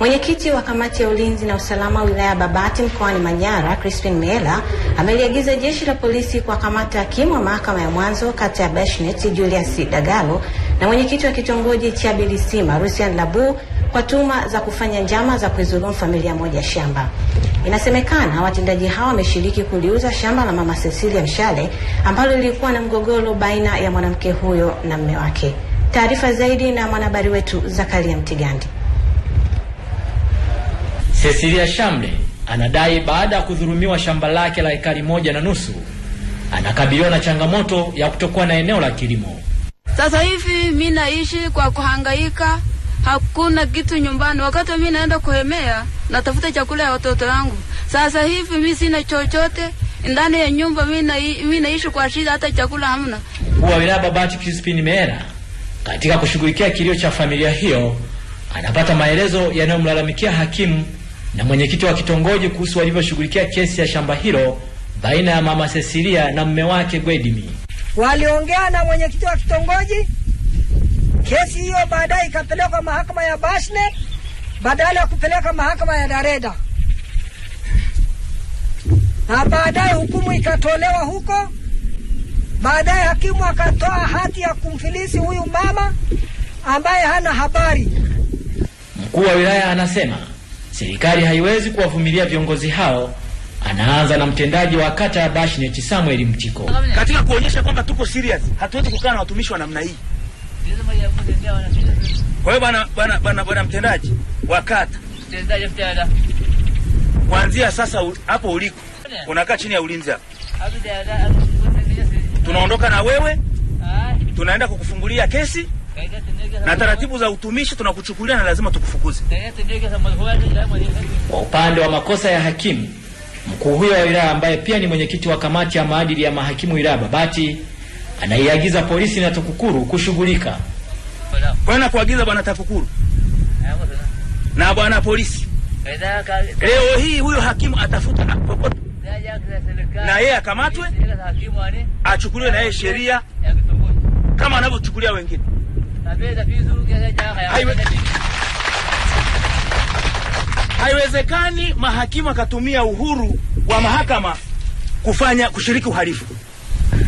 Mwenyekiti wa kamati ya ulinzi na usalama wilaya ya Babati mkoani Manyara, Crispin Mela, ameliagiza jeshi la polisi kuwakamata hakimu wa mahakama ya mwanzo kata ya Bashnet Julius Dagalo na mwenyekiti wa kitongoji cha Bilisima Rusian Labu kwa tuma za kufanya njama za kuizulumu familia moja shamba. Inasemekana watendaji hawa wameshiriki kuliuza shamba la mama Cecilia Mshale ambalo lilikuwa na mgogoro baina ya mwanamke huyo na mme wake. Taarifa zaidi na mwanahabari wetu Zakaria Mtigandi. Cecilia Shamle anadai baada ya kudhulumiwa shamba lake la ekari moja na nusu anakabiliwa na changamoto ya kutokuwa na eneo la kilimo. Sasa hivi mi naishi kwa kuhangaika, hakuna kitu nyumbani. Wakati mi naenda kuhemea, natafuta chakula ya watoto wangu. Sasa hivi mi sina chochote ndani ya nyumba, mi naishi kwa shida, hata chakula hamna. Mkuu wa wilaya Babati Crispin Meera, katika kushughulikia kilio cha familia hiyo, anapata maelezo yanayomlalamikia hakimu na mwenyekiti wa kitongoji kuhusu walivyoshughulikia kesi ya shamba hilo baina ya mama Cecilia na mme wake Gwedimi. Waliongea na mwenyekiti wa kitongoji. Kesi hiyo baadaye ikapelekwa mahakama ya bashne badala ya kupeleka mahakama ya Dareda, na baadaye hukumu ikatolewa huko. Baadaye hakimu akatoa hati ya kumfilisi huyu mama ambaye hana habari. Mkuu wa wilaya anasema Serikali haiwezi kuwavumilia viongozi hao. Anaanza na mtendaji wa kata ya Bashnet Samuel Mtiko. Katika kuonyesha kwamba tuko serious, hatuwezi kukaa na watumishi wa namna hii. Kwa hiyo bwana bwana bwana bwana mtendaji wa kata, kuanzia sasa hapo uliko unakaa chini ya ulinzi hapo, tunaondoka na wewe, tunaenda kukufungulia kesi na taratibu za utumishi tunakuchukulia na lazima tukufukuze. Kwa upande wa makosa ya hakimu mkuu huyo wa wilaya ambaye pia ni mwenyekiti wa kamati ya maadili ya mahakimu wilaya Babati anaiagiza polisi na TAKUKURU kushughulika. Kwa na kuagiza bwana TAKUKURU na bwana polisi, leo hii huyo hakimu atafuta popote na yeye akamatwe, achukuliwe na yeye sheria kama anavyochukulia wengine. Haiwezekani mahakimu akatumia uhuru wa mahakama kufanya kushiriki uhalifu.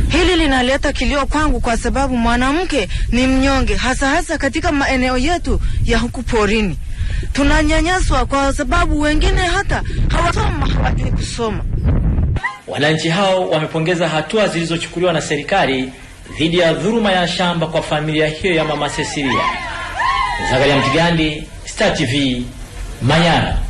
Hili linaleta kilio kwangu kwa sababu mwanamke ni mnyonge, hasa hasa katika maeneo yetu ya huku porini. Tunanyanyaswa kwa sababu wengine hata hawasoma, hawajui kusoma. Wananchi hao wamepongeza hatua zilizochukuliwa na serikali dhidi ya dhuluma ya shamba kwa familia hiyo ya Mama Cecilia. Zakaria Mtigandi, Star TV, Manyara.